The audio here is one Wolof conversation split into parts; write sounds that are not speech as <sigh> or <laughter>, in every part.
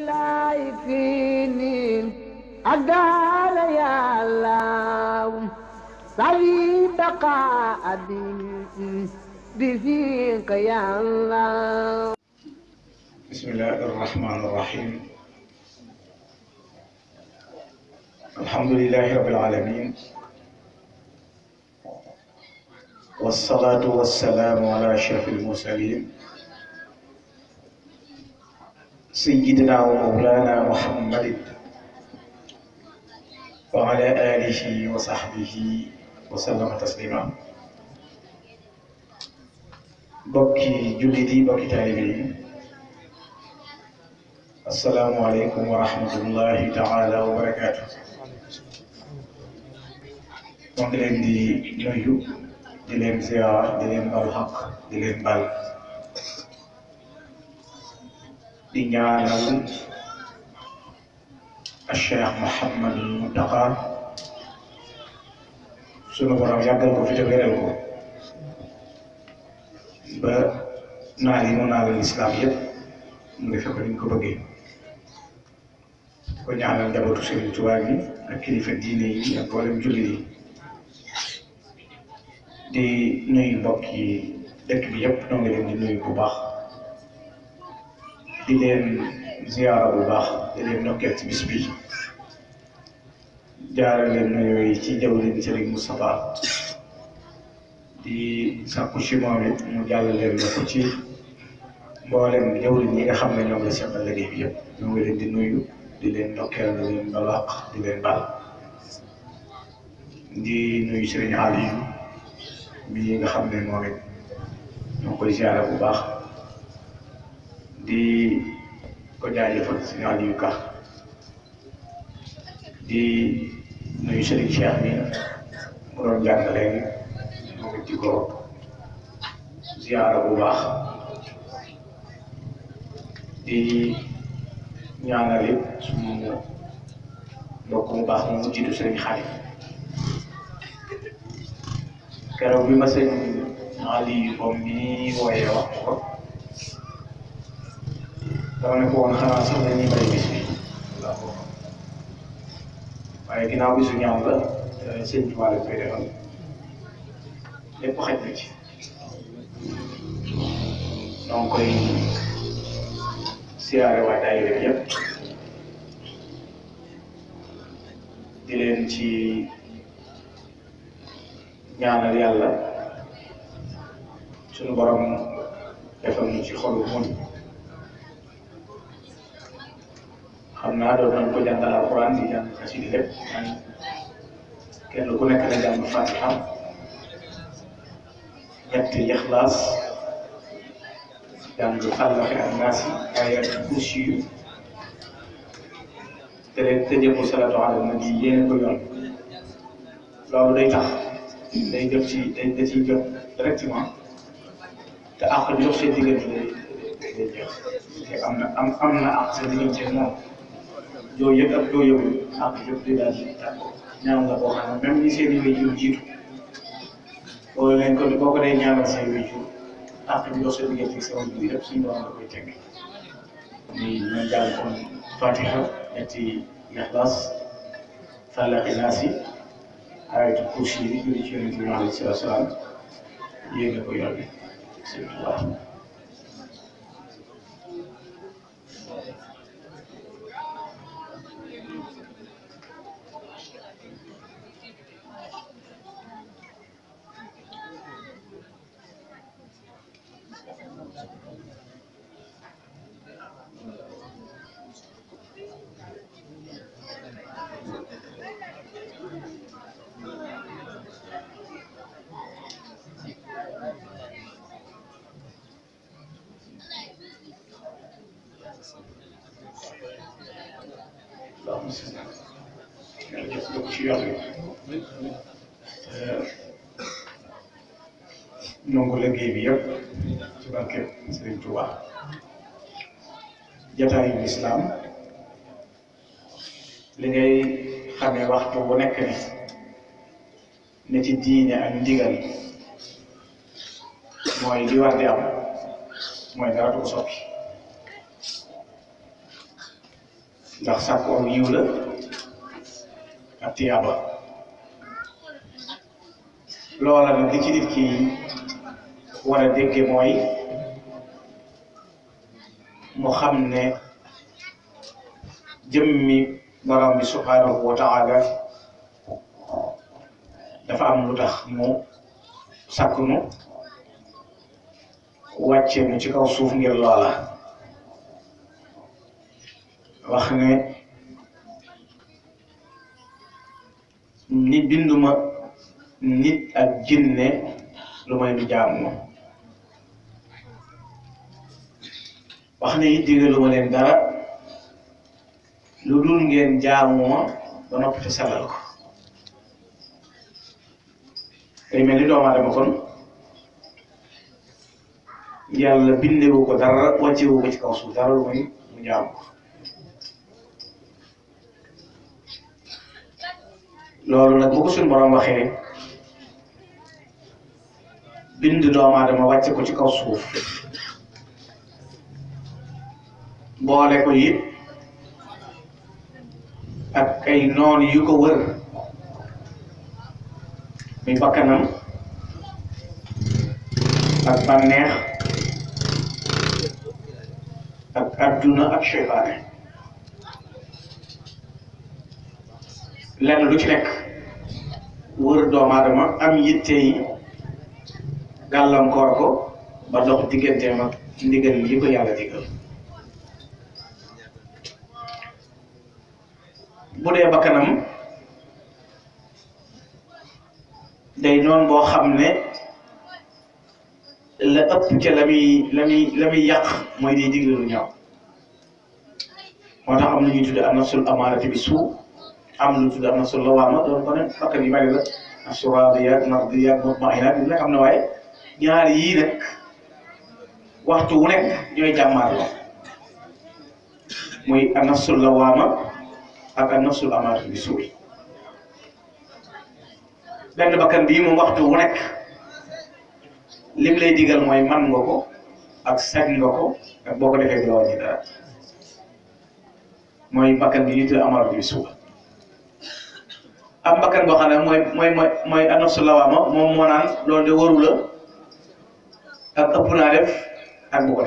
الله فيني أقال يا الله أبي بفيك يا الله بسم الله الرحمن الرحيم الحمد لله رب العالمين والصلاة والسلام على أشرف المرسلين سيدنا ومولانا محمد وعلى آله وصحبه وسلم تسليما بكي جلدي بكي تاليبي السلام عليكم ورحمة الله تعالى وبركاته maa دي نيو دي لين زيار دي لين بالحق دي لين بالحق لنيانو الشيخ محمد المنتقى سنو برام يقل كو في تغيرل كو با نالي مو نال الاسلام يب مغي فك نين بغي كو نيانال دابتو سيرن توبا بي ak kilifa diine yi ak boolem jullit yi di nuyu mbokk yi dëkk bi di leen ziyaara bu baax di leen ndokkeel ci bi jaaree leen nuyoo yi ci jawriñ Serigne di sàkku ci moom it mu jàll leen ci mboolem jawriñ ñi nga xam ne ñoom la seqal liggéey bi ñoo ngi leen di nuyu di leen ndokkeel di leen balaq di leen baal di nuyu Serigne Aliou mi nga xam ne moom it ziyaara bu baax. di ko jaajëfal si ñaar yu kaax di nuyu Serigne Cheikh mi mu doon jàngale moom it di ko ziyaara bu di ñaanal it suñu mbokk mu baax moom mu jiitu Serigne Xaadim keroog bi ma sëñ Ali moom mi wax dama ne ko woon xanaa sax dañuy bay bis bi waaw waaye ginnaaw bisu ñaan la euh, sëñ bi waa la koy defal lépp na ci donc koy siyaare waa daayira bi yëpp di leen ci ñaanal yàlla sunu borom defal ñu ci xolu muñ xamna do tan ko jantal alquran di jang xasi lepp kenn ku nekk na jàng fatiha ñetti ixlaas jàng fàllaxe ak naasi ayat kursi yu te rek tëje ko salatu ala nabi yéene ko yoon loolu day tax day jëf ci day da ciy jëf directement te àq jox sa diggante day day jeex te am na am am na àq sa diggante moom doo yëg ak doo yëgul àq yëpp di daal di tàggoo ñaan la boo xam ne même ñi seen i waajur jiitu boo leen ko boo ko dee ñaanal say waajur àq bi ak sa waajur yëpp suñu borom da koy teg muy ñu jàng kon Fatiha ñetti Ixlaas Falaqi Naas yi ayatul kursi yi julli ci yonent bi alayhi salaatu wa salaam yéen a ko ne ci diine ak ndigal mooy li war di am mooy dara du ndax sàkku aw yiw la ak tiyaaba loola nag li ci war a dégge mooy mu xam ne jëmmi borom bi subhanahu wa taala dafa am lu tax mu sàkk nu wàccee ci kaw suuf ngir lola wax ne ni binduma nit ak jinne lu may nu jaam wax ne it digaluma len dara lu dul ngeen jamu ma ba noppi te ko day mel ni kon yàlla bindewu ko dara wàccewu ko ci kaw suuf dara lu muy mu jaam loolu nag bu ko ko ci kaw suuf boole ko it ak ay noon yu ko wër మీ పక్కన అక్బర్నే అర్జున అక్షయవారే lenn lu ci nekk wër doomu aadama am yitte yi gàllankoor ko ba dox digganteem ak ndigal yi ko yàlla digal bu dee bakkanam day noon boo xam ne la ëpp ca la muy la yàq mooy day digle lu moo tax am na ñuy tudde am nafsul amaarati bi suu am lu tudde am nafsul lawaama doon ko ne bakkan yi bari la nafsu raadiya bi nag am na waaye ñaar yii nag waxtu wu nekk ñooy jàmmaar la muy am nafsul bi suu benn bakkan bii moom waxtu wu nekk lim lay digal mooy man nga ko ak sañ nga ko ak boo defee doo wàññi dara mooy bakkan bi ñu tuddee amara bi suuf am bakkan boo xam ne mooy mooy mooy anafsu lawaama moo naan loolu de waru ak ëpp naa def ak bu ko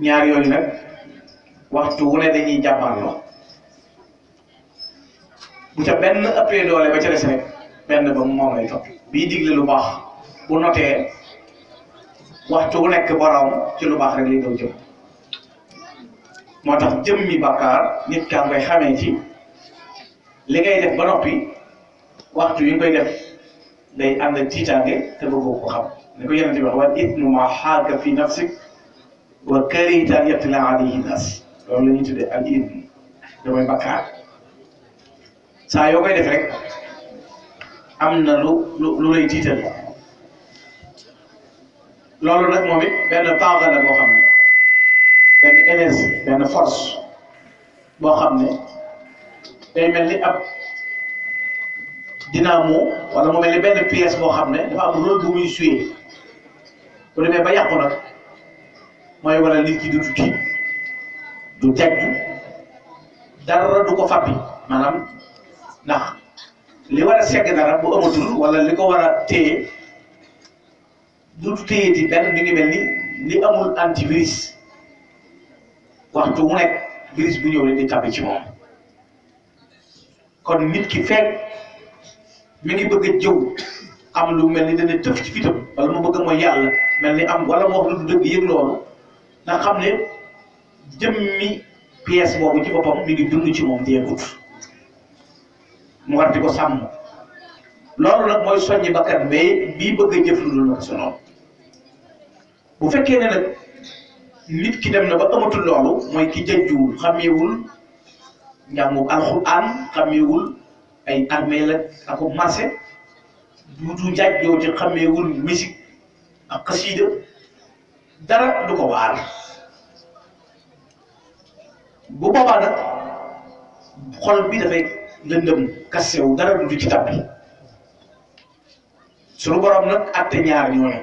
ñaar yooyu nag waxtu wu ne dañuy jàppanloo bu ca benn ëppee doole ba ca benn ba moom lay topp bii digle lu baax bu notee waxtu bu nekk borom ci lu baax rek lay daw jëm moo tax jëmmi bàkkaar nit kaa ngay ci li ngay def ba noppi waxtu yi nga koy def day ànd ak tiitaange te bëggoo ko xam ni ko yonent ma xaaka fi nafsik wa karihta an yattala alayhi naas loolu la ñuy tuddee al ithm damay saa yoo koy def rek am na lu lu lu lay tiital loolu nag moom it benn paaga la boo xam ne benn énergie benn force boo xam ne day mel ni ab dynamo wala mu mel ni benn pièce boo xam ne dafa am rôle bu muy suyee bu demee ba yàqu mooy wala nit du tukki du teg dara du ko maanaam ndax li war a segg dara bu amatul wala li ko war a téye du téye di benn mi ngi mel ni li amul antivirus waxtu mu nekk virus bu ñëw di tàbbi ci moom kon nit ki fekk mi ngi bëgg a jëw am lu mel ni dana tëf ci fitam wala mu bëgg mooy yàlla mel ni am wala mu wax lu du dëgg yëg loolu xam ne jëmmi pièce boobu ci boppam mi ngi dund ci moom deegut mu war di ko sàmm loolu nag mooy soññi bakkan mais bii bëgg a jëf lu nag sa bu fekkee ne nag nit ki dem na ba amatul loolu mooy ki jënjuwul xameewul njàngu alxuraan xameewul ay armée la ak marché duutu njaaj yow ci xameewul musique ak xasiida dara du ko waar bu boobaa nag xol bi dafay lëndëm ka sew dara du ci tabbi sunu borom nag atte ñaar ñooñu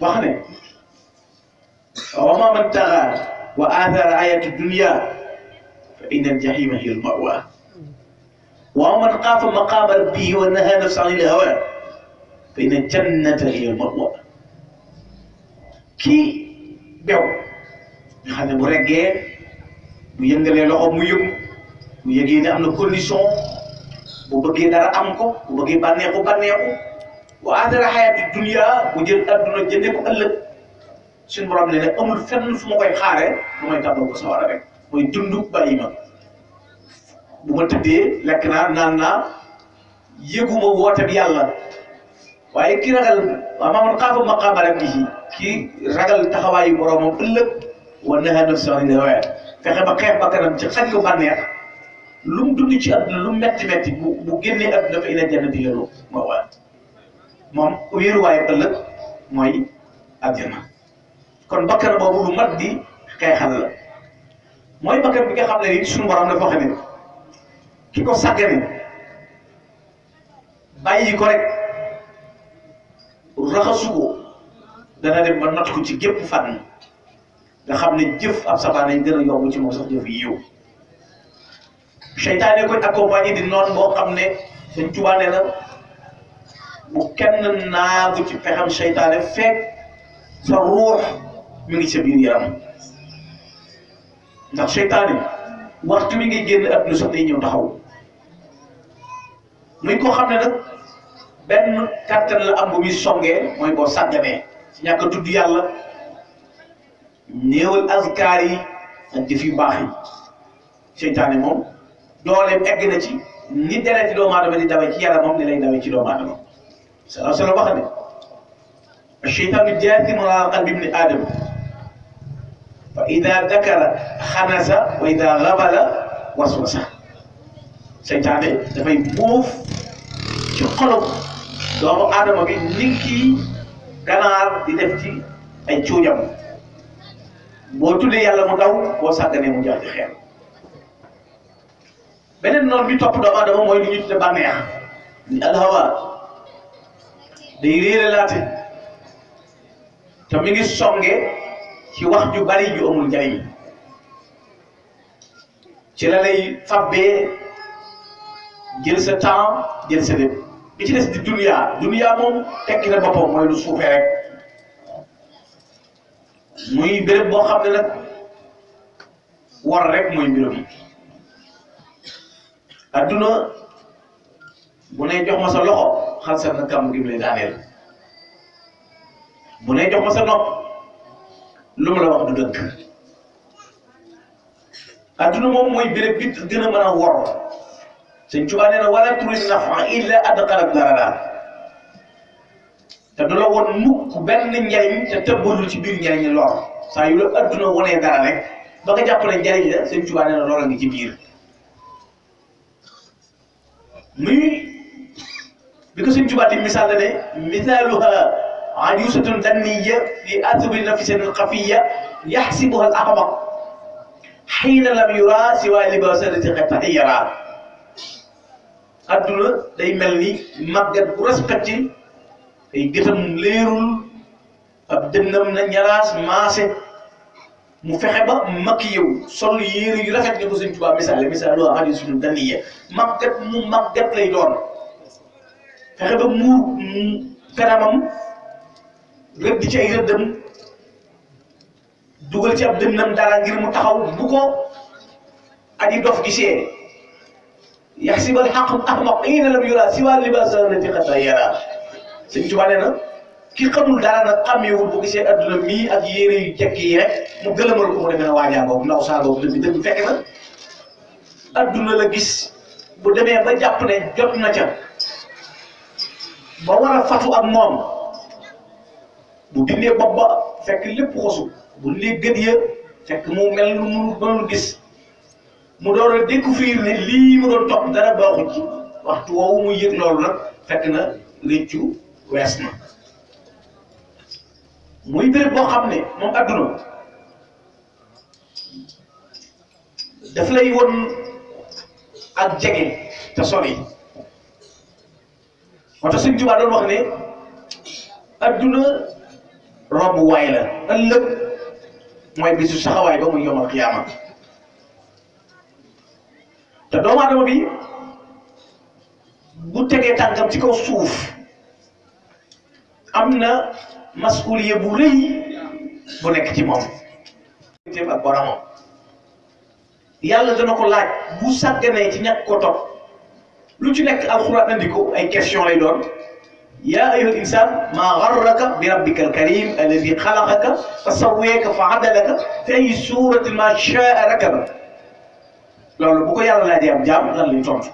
wax ne wa ma man taxaa wa athara ayatu dunia fa inna aljahima hiya almawa wa man xaafa maqaama rabbihi wa nahaa nafsa an ilhawa fa inna aljannata hiya almawa kii bew nga xam ne bu reggee bu yëngalee loxo mu yëngu ñu yëgee ne am na condition bu bëggee dara am ko bu bëggee bànneexu bànneexu wa aadara xayaati dunia bu jël adduna jëndee ko ëllëg suñu borom ne ne amul fenn fu ma koy xaaree lu may tàmbal ko sawara rek mooy dundu bàyyi ma bu ma tëddee lekk naa naan naa yëguma woote yàlla waaye ki ragal waaw xaafa maqaama rabbihi ki ragal taxawaayu boromam ëllëg wa nahaa nafsahu anil hawaa fexe ba xeex ba kanam ci xaj ko bànneex lu mu dund ci àdduna lu mu metti metti bu bu génnee àdduna fa ila jannati yaloo ma waat moom wéeruwaayu ëllëg mooy àjjana kon bakkan boobu lu mat di xeexal la mooy bakkan bi nga xam ne nii suñu borom dafa xam ne ki ko sàggane bàyyi ko rek raxasu ko dana dem ba natt ko ci gépp fànn nga xam ne jëf ab yi gën a yomb ci moom sax jëf yiw seytaane koy accompagné di noon boo xam ne Sëñ Tuubaa nee bu kenn naagu ci pexam seytaane fekk sa ruux mi ngi sa biir ndax seytaane waxtu mi ngi génn adduna sax day ñëw taxaw muy ko xam ne nag benn kàttan la am bu muy songee mooy boo sàgganee ñàkk a tudd yàlla néewal azkaar yi ak jëf yu baax seytaane moom dooleem egg na ci ni deret ci doomu aadama di dawee ci yaramam ni lay dawee ci doomu aadama salaa sallam wax ne الشيطان جاثم على قلب ابن آدم فإذا ذكر خنس وإذا غبل وسوس seytaane dafay buuf ci xolub doomu aadama bi ninki ganaar di def ci ay cuujam boo tuddee yàlla mu daw boo sàgganee mu jaar ci xeer beneen noon bi topp doomu aadama mooy li ñu tudde bànneex ni alhawa day réere laate te mi ngi songe ci wax ju bari ju amul njariñ ci la lay fabbee jël sa temps jël sa lépp bi ci des di duniyaa duniyaa moom tekki na boppam mooy lu suufee muy béréb boo xam ne nag war rek mooy mbiram adduna bu ne jox ma sa loxo xalsat na kàmm gi mu lay daaneel bu ne jox ma sa nopp lu la wax du dëgg adduna moom mooy béréb bi gën a mën a wor sëñ Tuubaa nee na wala turi te du la woon mukk benn njariñ te tëbbalu ci biir njariñ lor saa yu la adduna wonee dara rek ba nga jàpp ne njariñ la sëñ Tuubaa nee na loola ngi ci biir muy bi ko suñ tubaab di misaal ne misaaluha ajusatun danniya fi athbi nafsin xafiya yaxsibuha al axmaq xiina lam yura siwa libaasa lati qad yara adduna day mel ni màggat bu respecté ay gëtam leerul ab dënnam na ñaraas maase mu fexe ba mag yow sol yéere yu rafet ne ko sëñ Tuubaa misaale misaal waa xale suñu dana yee màggat mu màggat lay doon fexe ba muur kanamam rëdd ci ay rëddam dugal ci ab dënnam dara ngir mu taxaw bu ko aji dof gisee yaxsibal xaq ahmaq ina lam yura siwa libaas zanati xata yara sëñ Tuubaa nee na ki xamul dara nag xàmmeewul bu gisee àdduna mii ak yére yu jekk yi rek mu gëlëmal ko mu demee na waajaa boobu ndaw saa boobu dëgg dëgg fekk na adduna la gis bu demee ba jàpp ne na ca ba war a fatu moom bu dindee fekk lépp xosu bu dindee gën ya mu mel lu mu mënul gis mu door a découvrir ne lii mu doon topp dara baaxul waxtu woowu muy yëg loolu nag fekk na rëccu wees na muy béréb boo xam ne moom adduna daf lay won ak jege te sori moo tax suñ jubaa doon wax ne adduna romb waay la ëllëg mooy bisu saxawaay ba muy yomal xiyaama doomu aadama bi bu tegee tànkam ci kaw suuf am na مسؤوليه بو ري بو نيك تي موم تي با بارامو يالا دا نكو لاج بو ساغني تي نياك كو توب لو تي نيك القران انديكو اي كيسيون لاي دون يا ايها الانسان ما غرك بربك الكريم الذي خلقك فسويك فعدلك في اي سوره ما شاء ركب لولو بوكو يالا لا دي ام جام لان لي تونت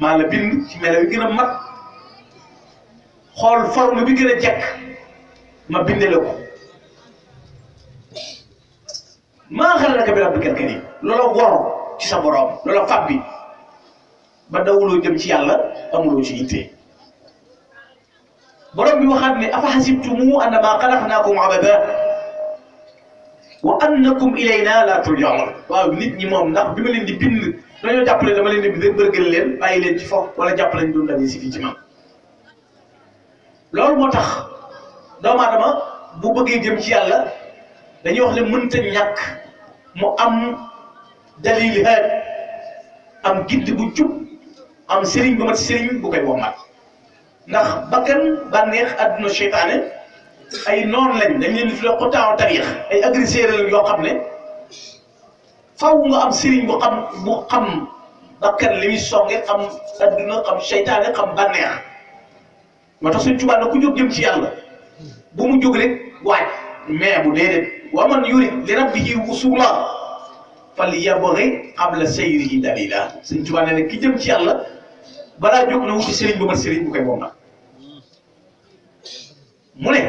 ما لا بين تي ملاوي غينا مات خول فورم بي غينا جيك ma bindee la ko maa xalaqaka min rabbikal kariim loola wor ci sa borom loola bi ba dawuloo jëm ci yàlla amuloo ci yitte borom bi waxaat ne afa xasibtumu annamaa xalaqnaakum abadan wa annakum laa turja'uun waaw nit ñi moom ndax bi ma leen di bind dañoo jàppale dama leen di bind bërgël leen bàyyi leen ci foofu wala jàppale ñu doon daje si fii ci loolu moo tax. doomu aadama bu bëggee jëm ci yàlla dañuy wax ne mënta ñàkk mu am dalil haat am gidd bu jub am sëriñ bu mat sëriñ bu koy wommat ndax bakkan bànneex àdduna seytaane ay noon lañ dañ leen di tuddee xotaaw tariix ay agresseur lañ yoo xam ne faw nga am sëriñ bu xam xam bakkan li songe xam àdduna xam seytaane xam bànneex moo tax suñ tubaab na ku jóg jëm ci yàlla bu mu jóg rek wàcc mais bu déedéet wa man yurid li rabbihi wusula fal yabghi qabla sayrihi dalila Sëriñ Tuubaa nee na ki jëm ci yàlla balaa jóg na wuti sëriñ ba man sëriñ bu koy moom na mu ne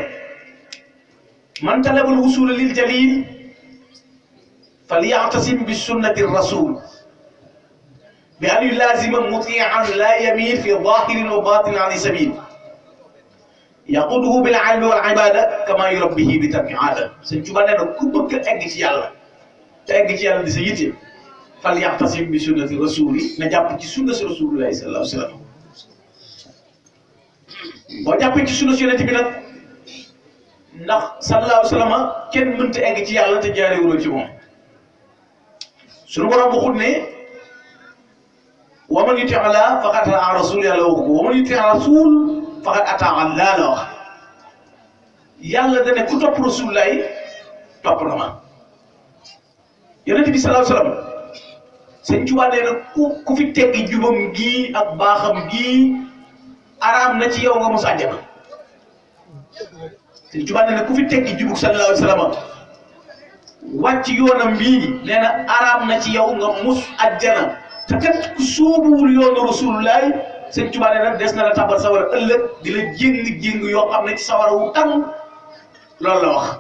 man talabal wusula lil jalil fal ya'tasim bi sunnati rasul bi an yulazima muti'an la yamil fi zahirin wa batin an sabil yaquduhu bil ilmi wal ibada kama yurabbihi bi tarki aada sëñ Tuba nee na ku bëgg egg ci yàlla te egg ci yàlla di sa yitte fal yaxtasim bi sunnati rasuli na jàpp ci sunna si rasulillahi sallallahu alayhi wa sallam boo jàppee ci sunna si yonente bi nag ndax sallallahu alayhi wa sallam kenn mënta egg ci yàlla te jaarewuloo ci moom suñu borom bu xut ne wa man yuti ala faqad raa rasul yàlla waxu ko wa man yuti rasul faqat ataa Allah la wax yàlla da ne ku topp rasulullaay topp na ma yonent bi salaahu salaam sëñ Tuubaa nee na ku ku fi teggi jubam gii ak baaxam araam na ci yow nga mos àjjana ku fi teggi jubug salaahu na ci yow sëñ Tuubaa nee nag des na la tàbbal sawara ëllëg di la jéng jéng yoo xam ne ci sawara wu tàng loolu la wax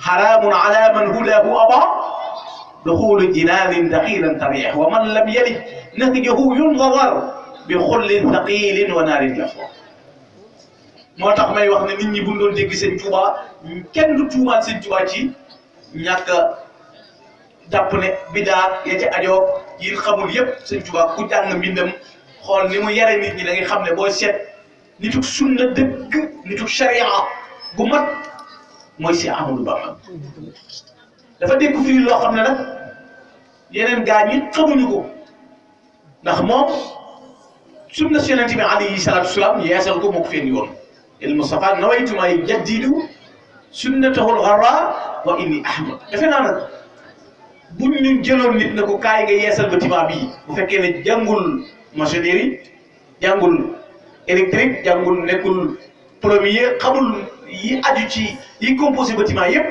xaraamun ala man hudahu aba duxulu jinaanin daxilan tarix wa man lam yalid natijahu yundawar bi xullin daqilin wa naarin lafo moo tax may wax ne nit ñi bu ñu doon dégg sëñ Tuubaa kenn du tuumaat sëñ Tuubaa ci ñàkk jàpp ne bidaa ya ci ajoo yi xamul yépp sëñ Tuubaa ku jàng mbindam xool ni mu yare nit ñi da ngay xam ne booy seet nituk sunna dëgg nituk sharia gu mat mooy si Amadou Bamba dafa dégg fii loo xam ne nag yeneen gaa ñi xamuñu ko ndax moom sunna si yonente bi alayhi salatu wasalaam yeesal ko moo ko feen yoon il Mustafa nawaytu may jaddidu sunnatahu lxarra wa inni ahmad defe naa nag buñ ñu jëloon nit na ko kaay nga yeesal ba timaa bii bu fekkee ne jàngul machine jangul jàngul électrique jàngul nekkul premier xamul yi aju ci yi composé bâtiment yépp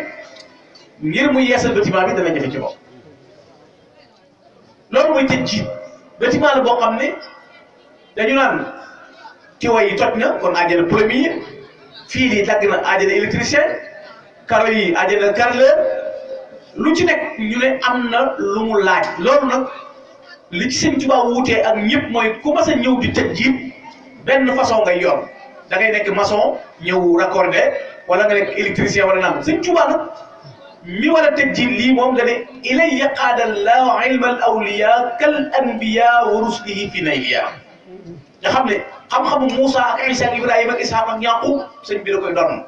ngir mu yeesal bâtiment bi dana jafe ci bop lolu mooy tejji bâtiment la bo xamné ne dañu naan tiwa yi toj na kon àjjana premier fi li dagg na àjjana électricien karo yi àjjana carleur lu ci nek ñu né amna lu mu laaj lolu nak li ci sëñ Tuubaa ak ñëpp mooy ku mas a ñëw di tëj ji benn façon ngay yor da ngay nekk maçon ñëw raccordé wala nga nekk électricien wala naam sëñ Tuubaa nag mi wala tëj ji lii moom da ne ilay yaqaada la ilma al awliya kal anbiya wa rusulihi fi naybiya nga xam ne xam-xamu Moussa ak Isa ak Ibrahima ak Ishaq ak Yaqub sëñ bi da koy doon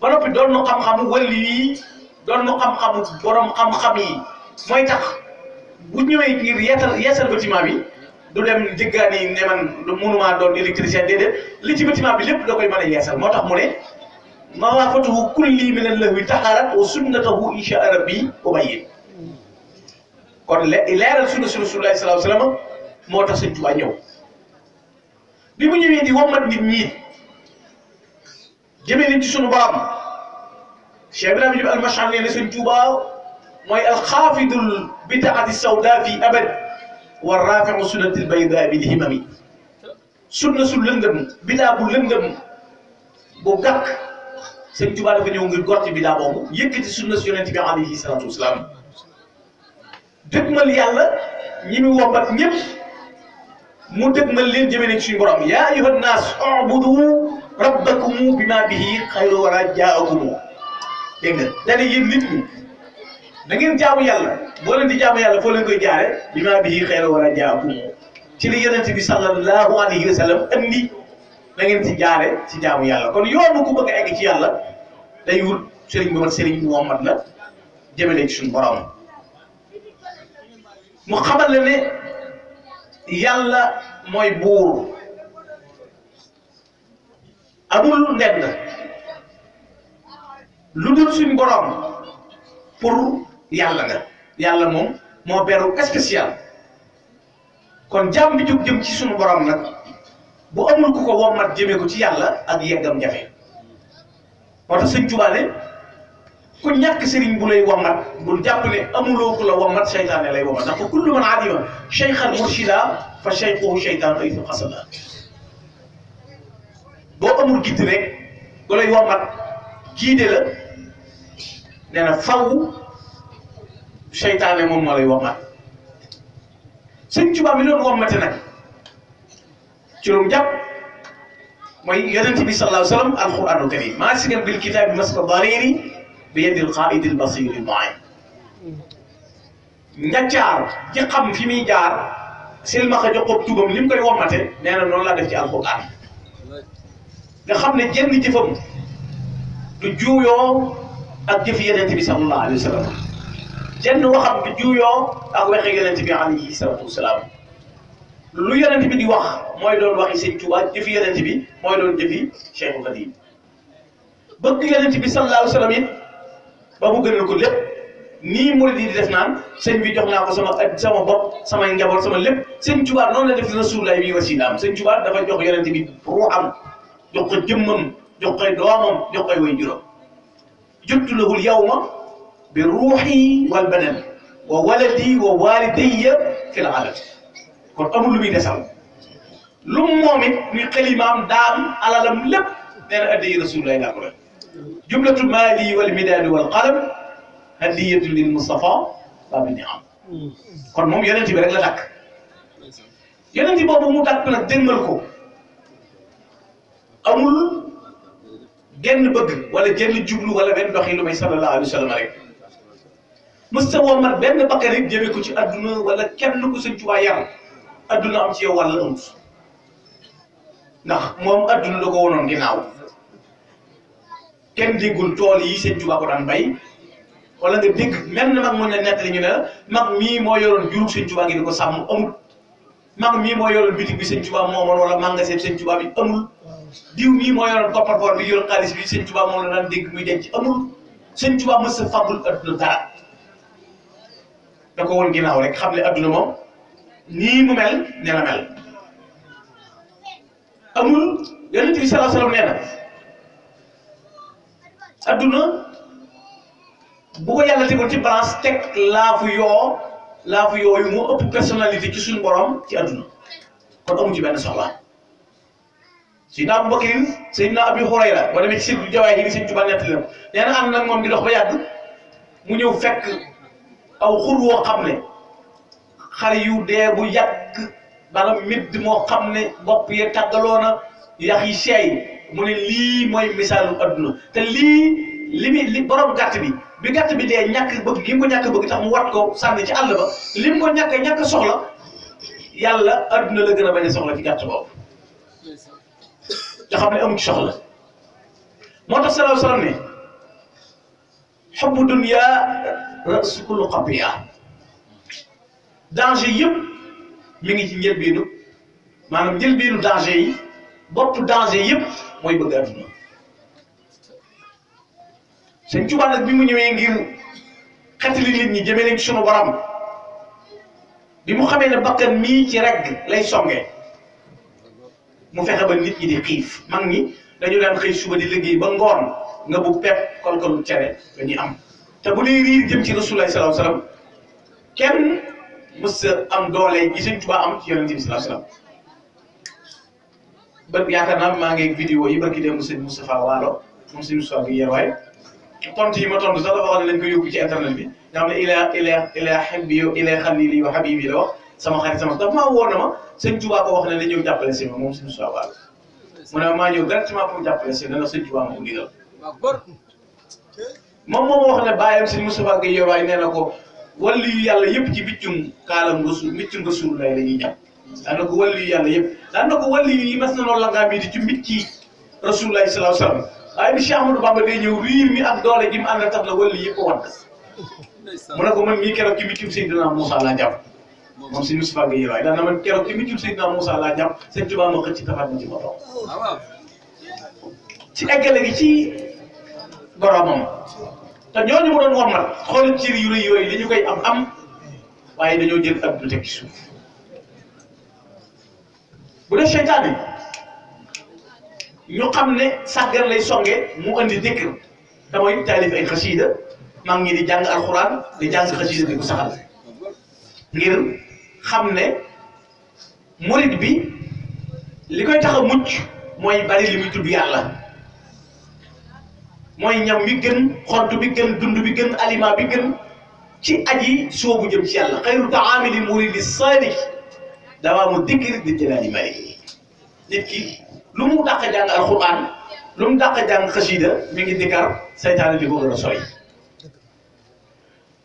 ba noppi doon na xam-xamu wali doon na xam-xamu borom xam-xam yi mooy tax. bu ñëwee ngir yeesal yeesal bi du dem jëggaani ne man mënumaa doon électricien déedéet li ci bâtiment bi lépp da koy mën a yeesal moo tax mu ne mawaafatuhu kulli min allahi taxarat wa sunnatahu insha rabbi ubayyin kon leeral sunna su rasulullahi sallallahu moo tax sëñ Tuubaa ñëw bi mu ñëwee di wommat nit ñi jëmee leen ci sunu borom Cheikh Ibrahima Jib al-Mash'ari nee na sëñ Tuubaa موي الخافض البتعة السوداء في أبد والرافع سنة البيضاء بالهمم سنة سلندم بلا بلندم بوكاك سيد جبال الفنيو نغير قرتي بلا بوم يكتي سنة سنة تبع عليه الصلاة والسلام دك مال يالا نيمي وبات نيب مو دك مال لين جيمي نيك سوني بروم يا ايها الناس اعبدوا ربكم بما به خير ورجاءكم دغ دا لي نيت da ngeen jaamu yàlla boo leen di jaamu yàlla foo leen koy jaare bi maa bi yi xeer war a jaamu ci li yonent bi sallallahu alayhi wa sallam andi da ngeen ci jaare ci jaamu yàlla kon yoonu ku bëgg a ci yàlla day wut sëriñ mat sëriñ bu mat la jëmale ci suñu borom mu xamal la mooy buur amul ndend lu dul suñu borom pour yàlla na yàlla moom moo beru spécial kon jàmm bi jóg jëm ci sunu borom na bu amul ku ko wommat jëmee ko ci yàlla ak yeggam jafe moo tax sëñ ku ñàkk sëriñ bu lay wommat bul jàpp ne amuloo ku la wommat seytaane lay wommat ndax fa kullu man adima fa cheikhuhu boo amul gidd rek bu lay wommat giide la nee na faw شيطان يوم ما ليوما سنجوا بابلون وهم متنا جرم جاب ما يقدر تبي صلى الله عليه وسلم القرآن الكريم ما سجن بالكتاب مسك الضريري بيد القائد البصير المعين نجار يقام في ميجار سلم خجوب توبم لم كي وهم متنا نحن نولا دفتي القرآن نخاف نجيب نتفهم نجيو يوم أكيف يدنتي بسم الله عليه وسلم jenn waxam bi juuyoo ak waxe yonent bi alayhi salaatu wasalaam lu yonent bi di wax mooy doon waxi sëñ Tuubaa jëfi yonent bi mooy doon jëfi Cheikhul Xadim bëgg yonent bi sallallahu alayhi wasallam it ba mu gënal ko lépp nii murid yi di def naan sëñ bi jox naa ko sama sama bopp samay njaboot sama lépp sëñ Tuubaa noonu la def Rasulullaah bi wasiilaam sëñ Tuubaa dafa jox yonent bi ruuxam jox ko jëmmam jox koy doomam jox koy way juróom juttu lahul yawma بروحي والبدن وولدي ووالدي في العالم كون امول لومي ديسال لوم مومن مي خليمام دام على لم لب بير ادي رسول الله نقول جملة مالي والمداد والقلم هدية للمصطفى باب النعم كون موم يلنتي بريك لا داك يلنتي بوبو مو داك نا دنگل كو امول ген بغ ولا ген جوبلو ولا بن دخي لومي صلى الله عليه وسلم عليك. mës ta woo benn bakkan it jëmee ko ci adduna wala kenn ku sëñ Tuubaa yar adduna am ci yow la amut ndax moom adduna da ko wonoon ginnaaw kenn déggul tool yi sëñ Tuubaa ko daan bay wala nga dégg mel na mag mu ne nettali ñu ne mag mii moo yoroon jurub sëñ Tuubaa gi di ko sàmm amul mag mii moo yoroon bitig bi sëñ Tuubaa moomoon wala magasin sëñ Tuubaa bi amul diw mii moo yoroon kopparfoor bi yor xaalis bi sëñ Tuubaa moom la daan dégg muy amul sëñ Tuubaa mës sa da ko woon ginnaaw rek xam ne adduna moom nii mu mel ne mel amul yonent bi salaa salaam nee na adduna bu ko yàlla tegoon ci balance teg laafu yoo laafu yooyu moo ëpp personnalité ci suñu borom ci adduna kon amu ci benn soxla yi Abu Bakrin Seydina Abi Hurayra boo demee ci site bu jawaay yi ni sëñ Tuubaa nettali na nee na ànd nag moom di dox ba yàgg mu ñëw fekk aw xur woo xam ne xar yu dee bu yàgg bala midd moo xam ne bopp yi tàggaloo na yax yi seey mu ne lii mooy misaalu adduna te lii li muy li borom gàtt bi bi gàtt bi dee ñàkk bëgg gi mu ko ñàkk bëgg tax mu wat ko sànni ci àll ba li mu ko ñàkk ñàkk soxla yàlla adduna la gën a bañ a soxla ci gàtt boobu nga xam ne amu ci soxla moo tax salaahu salaam ne xubbu dunya si kullu xabiya danger yëpp mi ngi ci njëlbeenu maanaam njëlbeenu danger yi boppu danger yëpp mooy bëgg adduna sëñ Tuubaa nag bi mu ñëwee ngir xetali nit ñi jëmee leen ci sunu borom bi mu xamee ne bakkan mii ci regg lay songe mu fexe ba nit ñi di xiif mag ñi dañu leen xëy suba di liggéey ba ngoon nga bu pepp kolkolum cere dañuy am te bu dee riir jëm ci rasulullahi salaahu salaam kenn mës am doole gi Sëñ Tuubaa am ci yonent bi salaahu salaam ba yaakaar naa maa ngi vidéo yi barki dem sëñ Moustapha Waalo moom sëñ Moustapha bi yerwaay tontu yi ma tontu sax dafa wax ne lañ ko yóbbu ci internet bi nga xam ne ilaa ilaa ilaa xibbi yow ilaa xalili yow xabibi la sama xarit sama dafa maa woo na ma sëñ Tuubaa ko wax ne la ñëw jàppale si moom si Moustapha Waalo mu ne maa ñëw directement pour jàppale si ne moom moom wax ne bàyyam sëñ Moustapha Gueye yowaay nee na ko walli yu yàlla yëpp ci biccum kaalam rasul mbiccum rasul lay la ñuy jàpp daan na ko walli yu yàlla yëpp daan na ko walli yu yi mas na noonu la ngaa mii di ci mbicci rasul lay salaahu salaam waaye bi Cheikh Amadou Bamba day ñëw riir mi ak doole ji mu ànd tax la walli yëpp ko mu ne ko man mii keroog ci mbiccum Seydina Moussa laa jàpp moom sëñ Moustapha Gueye yowaay daan na man keroog ci mbiccum Seydina Moussa laa jàpp sëñ Tuubaa ma xëcc tafaat ma ci ma ah, toog ci eggale gi ci boromam te ñooñu mu doon wormal xool cër yu rëy yooyu ñu koy am am waaye dañoo jël ab du teg ci suuf bu dee seytaane ñu xam ne sàggar lay songe mu andi dikr te mooy taalif ay xasiida maa ngi di jàng alxuraan di jàng xasiida di ko saxal ngir xam ne murit bi li koy tax a mucc mooy bari li muy tudd yàlla. mooy ñam bi gën xont bi gën dund bi gën aliment bi gën ci aji soobu jëm ci yàlla xayru taami li muridi saalik dawaamu dikri di jëlaali mali nit ki lu mu dàq jàng alquran lu mu dàq jàng xasida mi ngi dikkar saytaane di ko gën a ba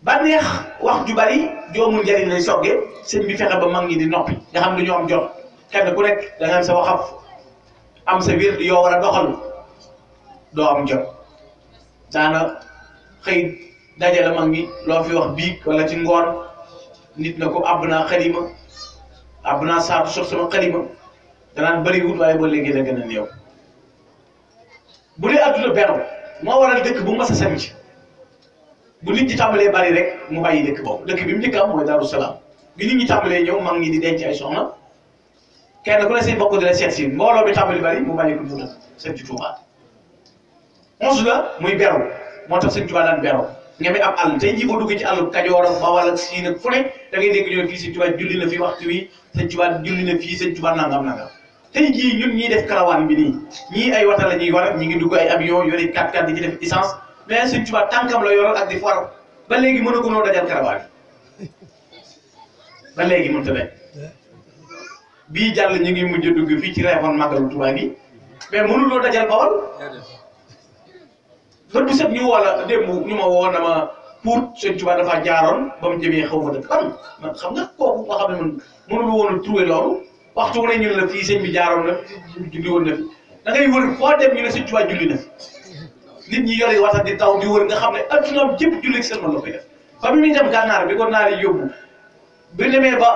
bànneex wax ju bari joomul njëriñ lay sogge sëñ bi fexe ba mag ñi di noppi nga xam dañoo am jot kenn ku nekk da nga am sa waxaf am sa wér yoo war a doxal doo am jot daana xëy dajale mag ñi loo fi wax biig wala ci ngoon nit na ko àbb naa xalima àbb naa saatu sof sama xalima danaan bëriwut waaye ba léegi da gën a néew bu dee adduna benn moo waral dëkk bu masa a sanc bu nit ñi tàmbalee bari rek mu bàyyi dëkk boobu dëkk bi mu njëkk am mooy Daaru Salaam bi nit ñi tàmbalee ñëw mag ñi di denc ay soxna kenn ku ne say bokk di seet si mbooloo bi tàmbali bari mu bàyyi ko mu dëkk seet ci musula muy bero moo tax sëñ Tuubaa daan beru ñeme am al tay ji bo duggee ci àllub Kajoor ak Bawal ak Siin ak fune da ngay deg ñoo fi sëñ touba julli na fi waxtu wi sëñ touba julli na fi sëñ touba nangam nangam tay ji ñun ñi def karawaan bi ni ñi ay wata la ñi war ñi ngi dugg ay avion yori 4x4 di ci def essence mais sëñ touba tankam la yoro ak di for ba legi mën ko no dajal karawaan bi ba léegi mënut a bi jall ñi ngi mujj dugg fi ci réforme magal touba bi mais lo dajal Bawal bët bu set ñu woo la démb ñu ma woo na ma pour sëñ Tuubaa dafa jaaroon ba mu jëmee xaw ma dëkk fan man xam nga kooku nga xam ne man mënul woon a trouvé loolu waxtu wu ne ñu ne la fii sëñ bi jaaroon na julli woon na fi da ngay ñu ne sëñ Tuubaa julli na ñi yore wata xam ne ak seen man la koy def ba mi muy dem gànnaar bi ko naa di ba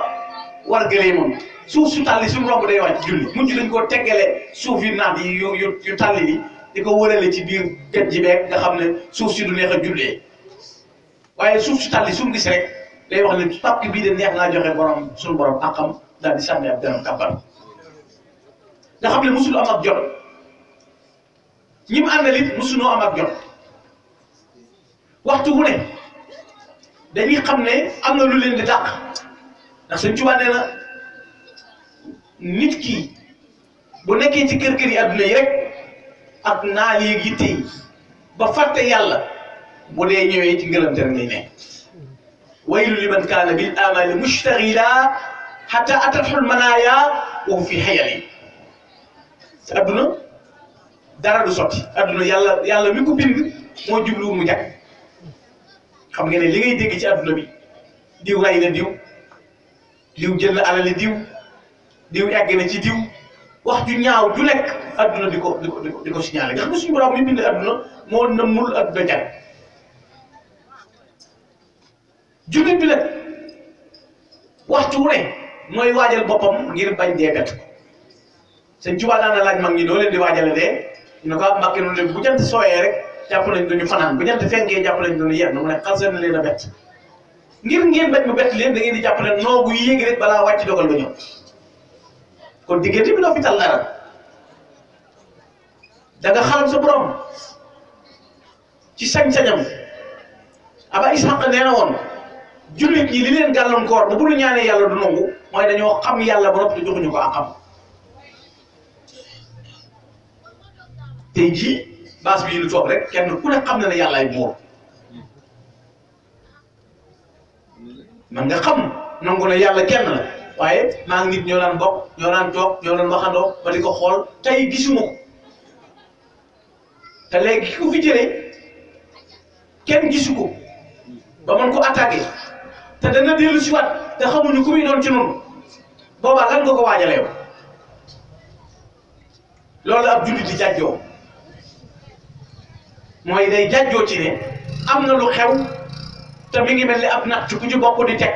war gëlee moom suuf su tàlli suñu romb day wàcc julli mujj dañ koo teggalee suuf yu naat yi yu yu tàlli yi diko ko wërale ci biir tet ji bek nga xamne souf ci du neex a jullee waaye suuf si tàlli suuf gis rek lay wax ne tap bi de neex la joxe borom sun borom akam dal di sànni ab dërëm kàbbal nga xamne musul am ak jot ñi mu àndal it mosunoo am ak jot waxtu wu ne dañuy xamne amna lu leen di dàq ndax Sëñ Tuubaa nee na nit ki bu nekké ci kër kër yi aduna yi rek. ak naal yeeg yitte yi ba fàtte yàlla bu dee ñëwee ci ngërëm te rek lay nekk waylu liman kaana bil amali mushtaghila hatta atatxul manaaya wa fi xayali ci adduna dara du sotti adduna yàlla yàlla mi ko bind moo jublu mu jag xam nga ne li ngay dégg ci adduna bi diw rey na diw diw jël na alali diw diw egg na ci diw wax ju ñaaw ju nekk adduna di ko di ko di ko signalé nga xam ne suñu borom mi bind adduna moo nëmmul adduna jag ju bi nag waxtu wu rek mooy waajal boppam ngir bañ dee bett ko sëñ Tuubaa daan na laaj mag ñi doo leen di waajale dee ñu ne ko am ah, mbàkke noonu bu jant sooyee rek jàpp nañ duñu fanaan bu jant fenkee jàpp nañ duñu yenn mu ne xasee na leen a bett ngir ngeen bañ mu bett leen da ngeen di jàpp ne noogu yéegi rek balaa wàcc dogal ba ñëw kon diggante bi doo fi tal danga da xalam sa borom ci sañ-sañam aba Ishaq nee na woon jullit yi li leen gàllankoor ba bu ñu ñaanee yàlla du nangu mooy dañoo xam yàlla ba noppi joxuñu ko xam te jii baas bii ñu toog rek kenn ku ne xam na ne yàllaay buur man nga xam nangu ne yàlla kenn la. waaye maa ngi nit ñoo daan bokk ñoo daan toog ñoo daan waxandoo ba ko xool tey gisuma ko te léegi ki ko fi jëlee kenn gisu ko man mën ko attaqué te dana dellu si te xamuñu ku muy doon ci noonu boobaa lan ko ko waajalee loolu ab jullit di jàjjoo mooy day jàjjoo ci ne am na lu xew te mi ngi mel ni ab natt ku ci bokk di teg.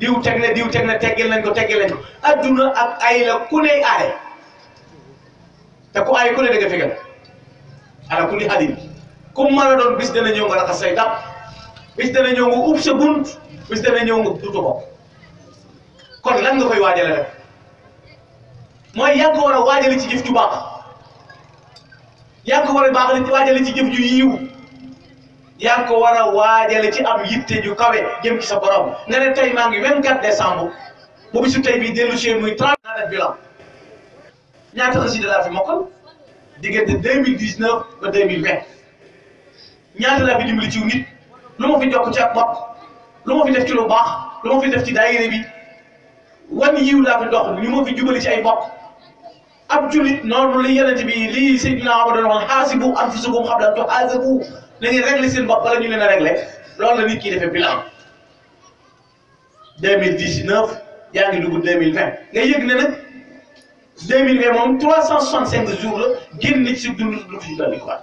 diw teg na diw teg nañ ko teggeel nañ ko adduna ak ay la ku ne aay te ku aay ku ne da nga fegal ala ku ni adim ku mën a doon bis dana ñëw nga raxas say tàpp bis dana ñëw nga ub sa bunt bis dana ñëw nga dutu bopp kon lan nga koy waajale rek mooy yaa ngi waajale ci jëf ju baax yaa ngi a baax waajale ci jëf ju yiiw yaa ngi ko war a waajale ci am yitte ju kawe jëm ci sa nga ne tey maa ngi 24 décembre bu bisu tey bii dellu si muy 30 nawet bi la ñaata xasida laa fi mokkal diggante 2019 ba 2020 ñaata laa fi dimbali ciw nit lu ma fi jokk ci ak lu ma fi def ci lu baax lu ma fi def ci daayira bi wan yiw laa fi dox ñu ma fi jubali ci ay bopp ab julit noonu li yenente bi lii Seydina Amadou doon xaasibu anfusakum qabla an tuhaasabu na régler réglé seen bopp wala ñu leen a réglé loolu la nit ki defee bilan 2019 yaa ngi dugg 2020 nga yëg ne nag 2020 moom 365 jours la génn ci dund lu fi dolli quoi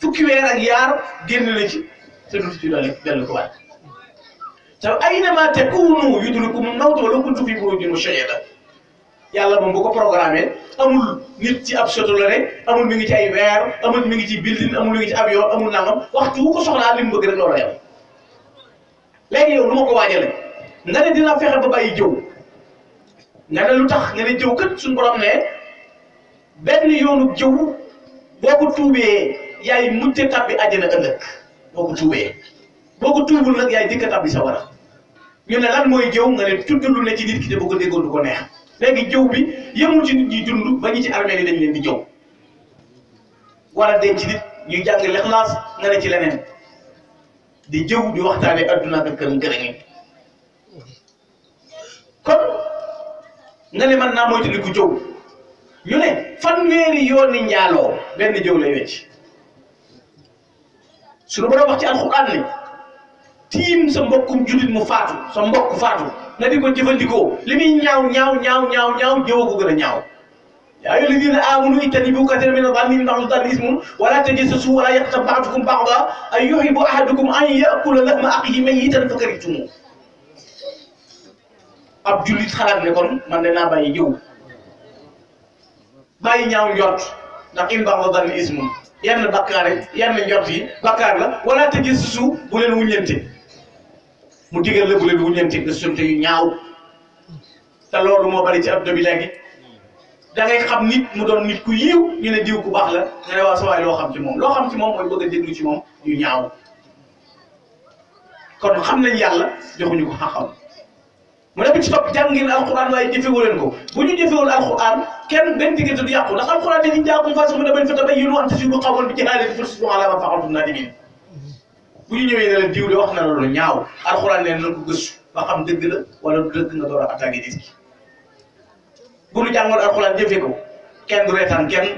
fukki weer ak yaar génn na ci te dund ci dolli dellu quoi te ay na maa teg ku wu ñu yu dul ku mu nawtoo la ku dugg fi mu wóor ñu yàlla moom bu ko programmé amul nit ci ab soto la amul mu ngi ci ay weer amul mi ngi ci building amul mi ngi ci avion amul nangam waxtu wu ko soxlaa li mu bëgg rek loola yam léegi yow lu ma ko waajale nga ne fexe ba bàyyi jëw nga ne lu tax nga ne jëw kat suñu borom ne benn yoonu jëw boo ko tuubee yaay mujj tàbbi àjjana ëllëg boo ko tuubee boo ko tuubul nag yaay dikk tàbbi sa wara ñu ne lan mooy jëw nga ne tudd lu ne ci nit ki te bu ko déggoon du ko neex léegi jëw bi yëmul ci nit ñi dund ba ñu ci armée yi dañ leen di jëw wala denc nit ñu jàng lixlaas nga ne ci leneen di jëw di waxtaane adduna ak kër ngërëñ kon nga ne man naa moytandiku jëw ñu ne fanweeri yooni njaaloo benn jëw lay wecc ba borom wax ci alxuraan ni tiim sa mbokkum julit mu faatu sa mbokk faatu na di ko jëfandikoo li muy ñaaw ñaaw ñaaw ñaaw ñaaw jëwa ko gën a ñaaw yaa ayyuha alladina amanu ijtanibu kathiran mina dhanni inna dhanna ithmun wa la tajassasu wa la yaghtab ba'dukum ba'dan an yuhibbu ahadukum an ya'kula lahma akhihi maytan fakarihtumuh ab jullit xalaat ne kon man danaa bàyyi jëw bàyyi ñaaw njort ndax in ba'da dhanni ithmun yenn bakkaar yenn njort yi bakkaar la wala tajassasu bu leen wuññante mu digal la bu leen wuññeenti gëstu te yu ñaaw te loolu moo bari ci ab bi léegi da ngay xam nit mu doon nit ku yiw ñu ne diw ku baax la nga ne waa sa waay loo xam ci moom loo xam ci moom mooy bëgg a déglu ci moom yu ñaaw kon xam nañ yàlla joxuñu ko xam-xam mu ne bi ci ko bu ñu jëfewul alquran kenn benn bu ñu ñëwee ne la wax na loolu ñaaw alxuraan leen na ko gëstu ba xam dëgg la wala du dëgg nga door a attaqué nit bu nu jàngoon alxuraan jëfee ko kenn du reetaan kenn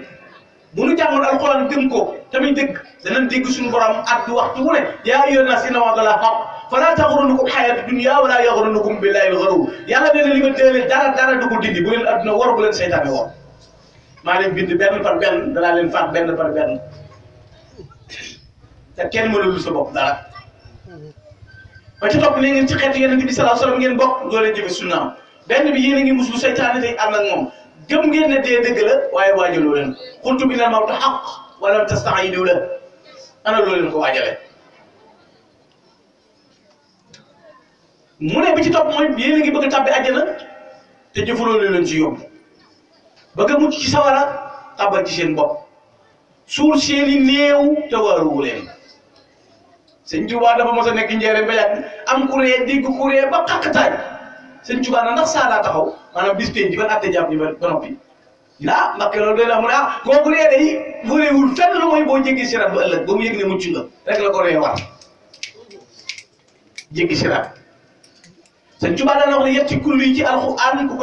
bu nu jàngoon alxuraan gëm ko tamit dëgg danañ dégg suñu borom at waxtu wu ne yaa ayyuhan naas inna wa'da llaahi haqq falaa taxurrannakum hayaatu dunya wala yaxurrannakum billaahil gharuur yàlla nee na li ma déele dara dara du ko dindi bu leen adduna war bu maa leen bind benn par benn danaa leen faat benn par benn te kenn mënalul sa bopp dara ba ci topp ne ngeen ci xeetu yeneen bi sallallahu alayhi wasallam ngeen bokk doo leen jëfe sunnaam benn bi yéen a ngi muslu seytaane tey ànd moom gëm ngeen ne dee dëgg la waaye waajaloo leen xultu bi na mawta walla wala tasta'idu la ana loo leen ko waajale mu ne bi ci topp mooy yéen a ngi bëgg a tàbbi àjjana te jëfaloo leen ci yóbbu bëgg a mucc ci sawara tàbbal ci seen bopp suul seen i néew te waaruwu leen sëñ Tuubaa dafa mos a nekk njéeréer ba yàgg am kurée dégg kurée ba xaqtaay sëñ Tuubaa na ndax saalaa taxaw maanaam bis penc ban atte jàpp ñu ba ba noppi ah Mbàkke mu ne ah kooku ba mu yëg ne mucc nga rek la ko ree war jéggi siraat sëñ Tuubaa daan wax ne yetti kullu yi ku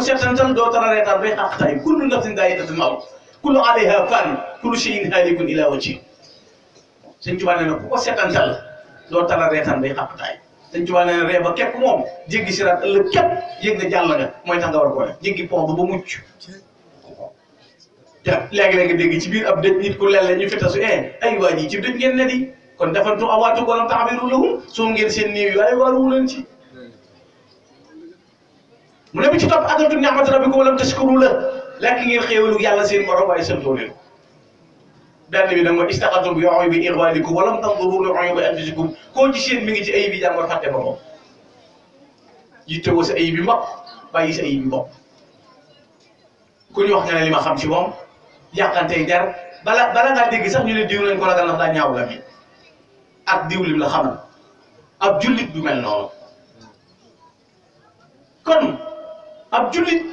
ko seetantal loo tala reetaan day xàppataay dañ ci wàllu ree ba képp moom jéggi siraat ëllëg képp yëg na jàll nga mooy tax nga war koo def jéggi pont ba ba mucc te léegi-léegi dégg ci biir ab dëj nit ku lelle ñu fitasu e eh, ay waa ji ci dëj ngeen ne di kon defantu awaatu ko lam taxabiru lahum soo ngeen seen nii yu ay waaruwu leen ci mu ne bi ci topp adatu ni'mat rabbikum wa lam tashkuru la lekk ngeen xéewalu yàlla seen borom waaye santoo leen benn bi da nga ko istaqatum bi uyubi ikhwanikum wa lam tanzuru li uyubi anfusikum koo ci seen mi ngi ci ayib yi jàngoor fàtte ba moom yittewoo sa ayib yi mbopp bàyyi sa ayib yi mbopp ku ñu wax nga ne li ma xam si moom yàqantey der bala bala ngaa dégg sax ñu ne diw nañ ko ragal ndax daa ñaaw la mi ak diw lim la xamal ab jullit du mel noonu kon ab jullit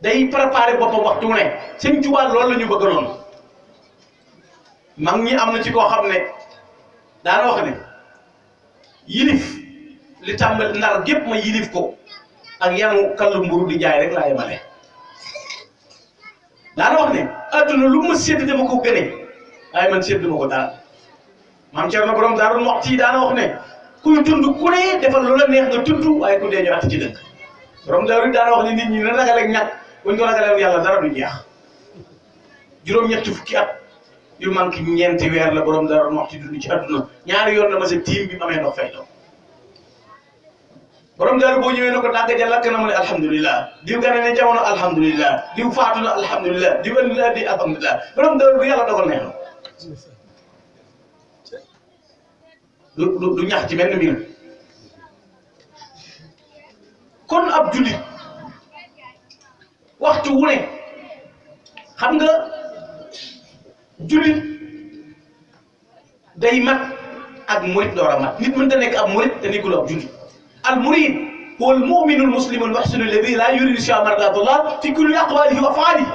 day préparé boppam waxtu ne sëñ Tuubaa loolu la ñu bëgg noonu mag ñi am na ci koo xam ne daan wax ne yilif li tàmbali ndar gépp ma yilif ko ak yanu kallu mburu di jaay rek laa yemale daana wax ne adduna lu ma sédd dama ko gëne waaye man sédd dama ko daal maam Cerno borom daarul Muxti daana wax ne kuy dund ku ne defal lu la neex nga tudd waaye ku dee ñu att ci dëkk borom daaru daana wax ne nit ñi na ragaleeg ñàkk buñ ko ragaleeg yàlla dara du jeex juróom-ñetti fukki at yu man ki ñeenti wër la borom dara wax ci dundu ci aduna ñaari yoon la ma ci tim bi amé amee ndox fay ndox borom dara bo ñëwé nako dagga dàgg na mo alhamdullilah diu gane ne jamono alhamdullilah diu faatu na alhamdullilah diu wal anu la di alhamdullilah borom dara bu yalla dogal neex du du ñax ci benn mbir kon ab julit waxtu wu ne xam nga jullit day mat ak murit door a mat nit mënta nekk ab murit te nekkul ab jullit al murid huwa al mu'minu al muslimu al muhsinu alladi la yuridu shay'an mardatullah fi kulli aqwalihi wa af'alihi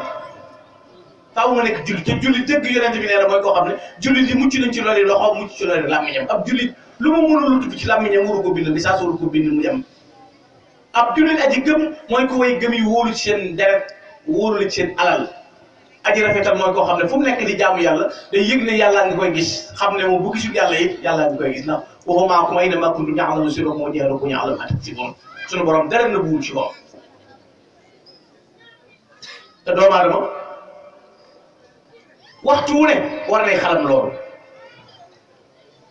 faaw nga nekk jullit te jullit dëgg yonent bi nee mooy koo xam ne jullit yi mucc nañ ci loolu loxo mucc ci loolu làmmiñam ab jullit lu mu mënul tudd ci làmmiñam waru ko bind message waru ko bind mu yem ab jullit aji gëm mooy ku way gëm yi wóolu ci seen deret wóolu ci seen alal aji rafetal moy ko xamne fu mu nekk di jamu yàlla day yëg ne yàlla ngi koy gis xamne mo bu gisu yàlla it yàlla ngi koy gis na waxumaa ku may ne maa kuntu ñaxal na si bopp moo jeexal ko ñaxal ma si moom suñu borom dara na buul ci moom te ma dama waxtu wu ne war lay xalam lool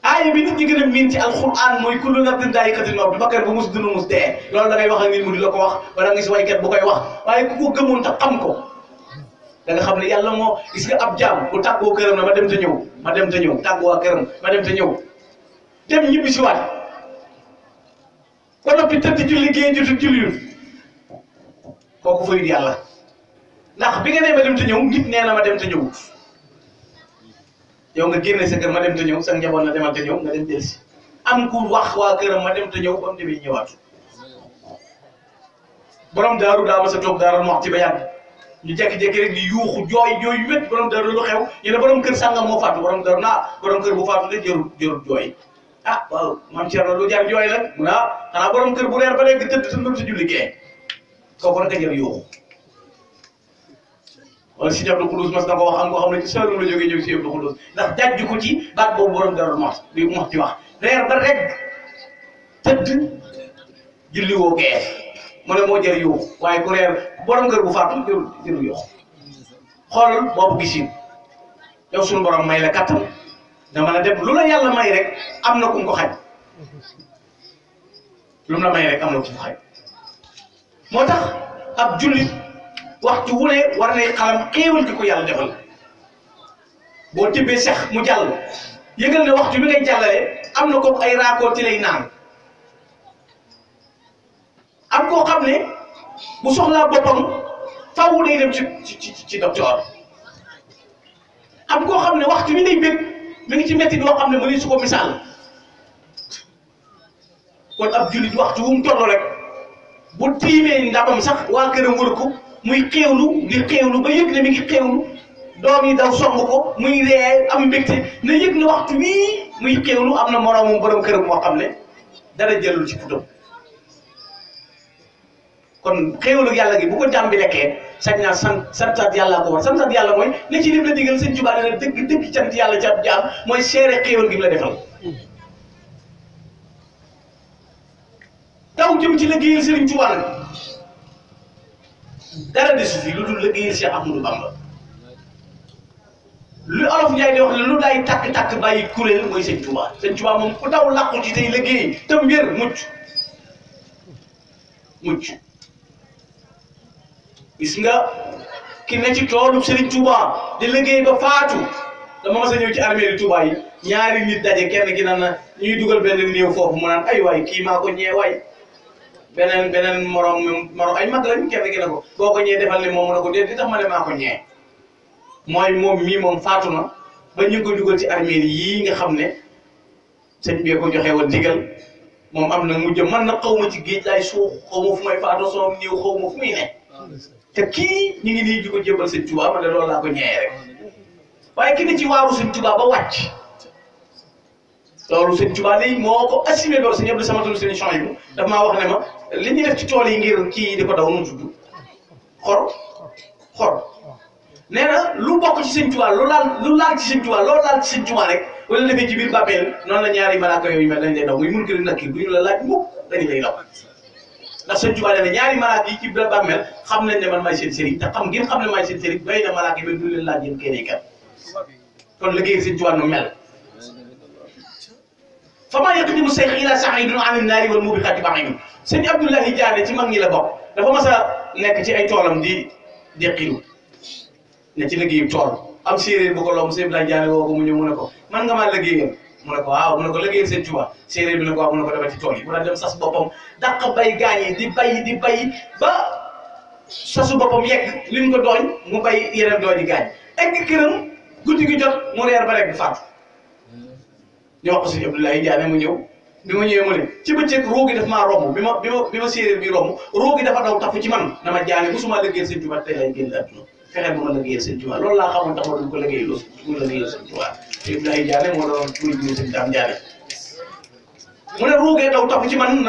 ay bi nit ñi gëna min ci alquran mooy kullu nafsin daa'iqatul mawt bakkar bu mus dund mus dee loolu da ngay wax ak nit mu di la ko wax wala nga ci way kat bu koy wax waye ku ko gëmon ta xam ko da nga xam ne yàlla moo gis nga ab jam ku tàggoo këram na ma dem te ñew ma dem ñew ñëw tàggoo këram ma dem te ñew dem ñibbi si waat ba noppi tëdd julli géey jotu julliwul kooku fayut yalla ndax bi nga ne ma dem te ñew nit neena ma dem te ñew yow nga génne sa kër ma dem te ñew sax njaboot na demal te ñew nga dem jël ci am ku wax wa këram ma dem te ñew bam mu ñewat borom daru daa ma sa toog daaral moxti ba yàgg ñu jékki-jékki rek di yuuxu joy joy wet borom dër lu xew ñu borom kër sangam mo faatu borom dër na borom kër bu faatu de jërul jërul joy ah waaw mam cerno lu jar joy la mu naa xanaa borom kër bu leer ba léegi tëdd tëdd ci julli ge ko ko rek a jar yuuxu wala si jabdu xulus mas na ko wax am ko xam ne ci sërum la joge jóg ci jabdu xulus ndax jàjj ko ci baat bo borom dër mos bi mos ci wax leer ba rek tëdd julli wo gee mu ne moo jar yuux waaye ku reer borom kër bu faatu jëru jëru yox xool boobu gisin yow suñu borom may la kattan nga mën a dem lu la yàlla may rek am na ku mu ko xaj lu la may rek am na ku xaj moo tax ab jullit waxtu wu ne war nay xalam xéewal di ko yàlla defal boo tibbee sax mu jàll yëgal ne waxtu bi ngay jàllale am na ko ay raakoo ci lay naan am koo xam ne bu soxlaa boppam faaw day dem ci ci ci docteur am koo xam ne waxtu wi day bëgg mu ngi ci métti loo xam ne mënuñ su ko misaal kon ab jullit waxtu wu mu toll rek bu tiimee ndabam sax waa këram wër ko muy xéewlu di xéewlu ba yëg ne mi ngi xéewlu doom yi daw song ko muy ree am mbégte na yëg ne waxtu wii muy xéewlu am na moroomum borom këram moo xam ne dara jëlul ci putam kon xéewalu yàlla gi bu ko jàmm bi lekkee sañ naa sant yàlla ko santa santat yàlla mooy li ci lim la digal sëñ Tuubaa ne dëgg dëgg cant yàlla ci mooy seere xéewal gi mu la defal taw jëm ci liggéeyal sëriñ Tuubaa nag dara desu lu dul lu olof Njaay di wax lu day takk-takk bàyyi kuréel mooy sëñ Tuubaa sëñ Tuubaa moom ku daw làqu ci tey liggéey tam wér mucc gis nga ki ne ci toolu Serigne Touba di liggéey ba faatu dama mas a ñëw ci armée di ñaari nit daje kenn ki naan na ñuy dugal benn néew foofu mu naan ay waay kii maa ko ñee waay beneen morom morom ay mag lañu kenn ki ne ko boo ko ñee defal ne moom mu ne ko déet ñee mooy moom mii moom faatu na ba ñu ko dugal ci armée yii nga xam ne sëñ bi ko joxe woon ndigal moom am na mujj man na xaw ma ci géej laay suux xaw may faatoo sama néew xaw ma te kii ñu ngi nii di ko jébbal sëñ Tuubaa man de laa ko ñëwee rek waaye ki ni ci waaru sëñ Tuubaa ba wàcc loolu sëñ Tuubaa lii moo ko assimé loolu sëñ Abdou Samad sëñ Chouaïbou daf maa wax ne ma li ñuy def ci tool yi ngir kii di ko daw nu tudd xor xor nee lu bokk ci sëñ Tuubaa lu laal lu laal ci sëñ Tuubaa loolu laal ci sëñ Tuubaa rek wala defee ci biir bàmmeel noonu la ñaari malaaka yooyu mel lañ lay daw muy mun kër nag kii bu ñu la laaj mukk dañu lay daw ndax sëñ Tuubaa nee na ñaari malaaka yi ci biir bàmmeel xam nañ ne man maay seen sëriñ te xam ngeen xam ne maay seen sëriñ doy na malaaka yi du leen laaj yéen kenn kon liggéey sëñ Tuubaa nu mel fa maa yaqdimu seex ila saidun anin naari wal mubiqati baim sëñ Abdoulahi Diané ci mag ñi la bokk dafa a nekk ci ay ne ci liggéeyu tool am séeréer bu ko lom sëñ Abdoulahi Diané woo ko mu ñëw mu ne ko man nga maa liggéeyal mu ne ko waaw mu ne ko liggéeyal seen Tuubaa séeréer bi ne ko waaw mu ne ko demal ci tool yi mu daan dem sas boppam dàq bay gaañ yi di bay di bay ba sasu boppam li liñ ko dooñ mu bay yeneen dooñi gaañ egg këram guddi gi jot mu reer ba rek fàtt ñu wax ko sëñ Abdoulaye Ndiané mu ñëw bi ma ñëwee mu ne ci bëccëg roogi daf maa romb bi ma bi ma bi ma séeréer bi romb roogi dafa daw tafu ci man dama jaane bu suma liggéeyal seen Tuubaa tey lay génn àdduna fexe ba ma liggéeyal seen Tuubaa loolu laa xamoon tax ma doon ko liggéey loolu du ma liggéeyal seen Tuubaa te Ibrahima Diané moo doon tuuti jiw seen daam Diané mu ne ruugee daw na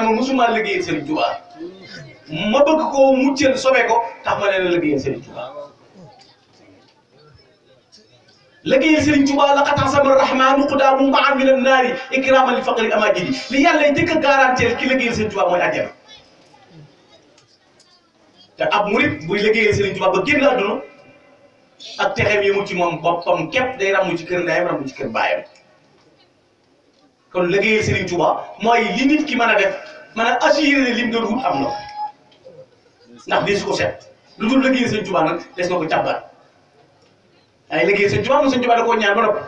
ma musuma liggéeyal seen Tuubaa ma bëgg koo muccel sobe ko tax ma leen a liggéeyal seen Tuubaa liggéeyal Sëriñ la xataa sama rahmaanu xudaa mu maan min an naari ikraaman li faqri ama jidi li yàlla njëkk a garanteel ki liggéeyal Sëriñ Tuubaa mooy àjjana te ak texeem yi mu ci moom boppam képp day ramu ci kër ndeyam ramu ci kër baayam kon liggéeyal Serigne Touba mooy li nit ki mën a def mën a assuré ne lim doon wut am na ndax di su ko set lu dul liggéeyal Serigne Touba nag des na ko càbbar ay liggéeyal Serigne Touba moom Serigne Touba da ko ñaan ba noppi